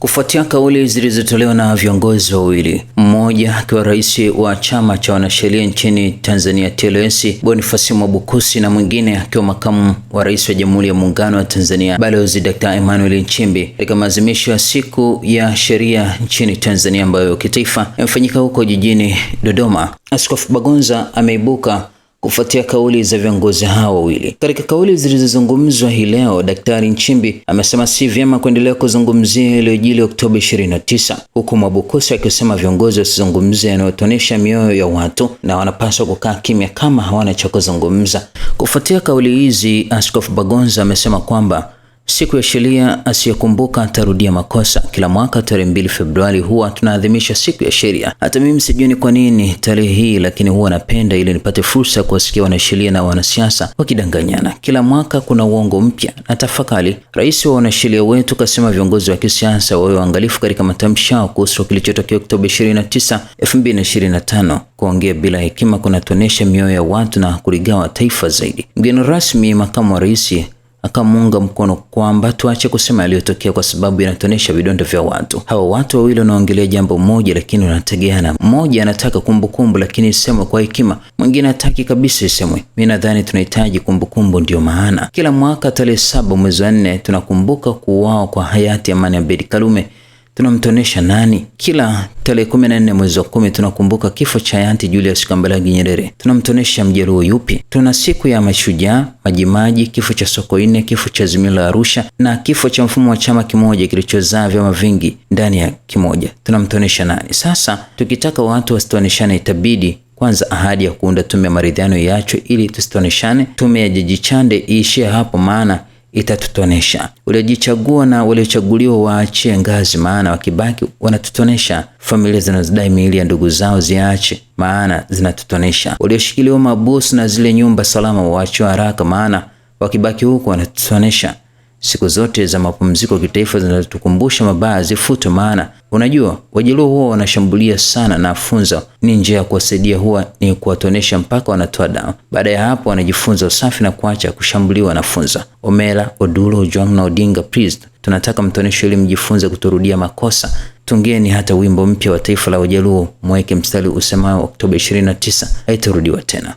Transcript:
Kufuatia kauli zilizotolewa na viongozi wawili, mmoja akiwa rais wa chama cha wanasheria nchini Tanzania TLS Boniface Mwabukusi, na mwingine akiwa makamu wa rais wa Jamhuri ya Muungano wa Tanzania Balozi Dr. Emmanuel Nchimbi, katika maadhimisho ya siku ya sheria nchini Tanzania ambayo kitaifa imefanyika huko jijini Dodoma, Askofu Bagonza ameibuka kufuatia kauli za viongozi hao wawili. Katika kauli zilizozungumzwa hii leo, Daktari Nchimbi amesema si vyema kuendelea kuzungumzia yaliyojili Oktoba 29, huku Mwabukusi akisema viongozi wasizungumzie yanayotonesha mioyo ya watu na wanapaswa kukaa kimya kama hawana cha kuzungumza. Kufuatia kauli hizi, Askofu Bagonza amesema kwamba Siku ya sheria, asiyekumbuka atarudia makosa. Kila mwaka tarehe mbili Februari huwa tunaadhimisha siku ya sheria. Hata mimi sijui ni kwa nini tarehe hii, lakini huwa napenda ili nipate fursa ya kuwasikia wanasheria na wanasiasa wakidanganyana. Kila mwaka kuna uongo mpya na tafakali Rais wa wanasheria wetu kasema viongozi wa kisiasa wawe waangalifu katika matamshi yao kuhusu kilichotokea Oktoba 29, 2025. Kuongea bila hekima kunatonesha mioyo ya watu na kuligawa taifa zaidi. Mgeni rasmi makamu wa rais akamuunga mkono kwamba tuache kusema yaliyotokea kwa sababu inatonesha vidonda vya watu. Hawa watu wawili wanaongelea jambo moja lakini wanategeana. Mmoja anataka kumbukumbu lakini isemwe kwa hekima, mwingine hataki kabisa isemwe. mi nadhani tunahitaji kumbukumbu, ndiyo maana kila mwaka tarehe saba mwezi wa nne tunakumbuka kuuawa kwa hayati Amani Abedi Karume tunamtonesha nani? Kila tarehe nne mwezi wa kumi tunakumbuka kifo cha hayati Julius Kambarage Nyerere. Tunamtonesha mjaluo yupi? Tuna siku ya mashujaa, Majimaji, kifo cha Sokoine, kifo cha Azimio la Arusha na kifo cha mfumo wa chama kimoja kilichozaa vyama vingi ndani ya kimoja. Tunamtonesha nani? Sasa tukitaka watu wasitoneshane, itabidi kwanza ahadi ya kuunda tume ya maridhiano iachwe, ili tusitoneshane. Tume ya Jaji Chande iishie hapo, maana itatutonesha. Waliojichagua na waliochaguliwa waachie ngazi, maana wakibaki wanatutonesha. Familia zinazodai miili ya ndugu zao ziache, maana zinatutonesha. Walioshikiliwa mabusu na zile nyumba salama waachiwe haraka, maana wakibaki huko wanatutonesha. Siku zote za mapumziko kitaifa zinatukumbusha mabaya zifutwe, maana unajua Wajaluo huwa wanashambulia sana, na funza ni njia ya kuwasaidia huwa ni kuwatonesha mpaka wanatoa damu. Baada ya hapo, wanajifunza usafi na kuacha kushambuliwa na funza. Omela, Odulo, Ojwang na Odinga, please tunataka mtonesho ili mjifunze kutorudia makosa. Tungeni hata wimbo mpya wa taifa la Wajaluo, mweke mstari usemao Oktoba 29 haitarudiwa tena.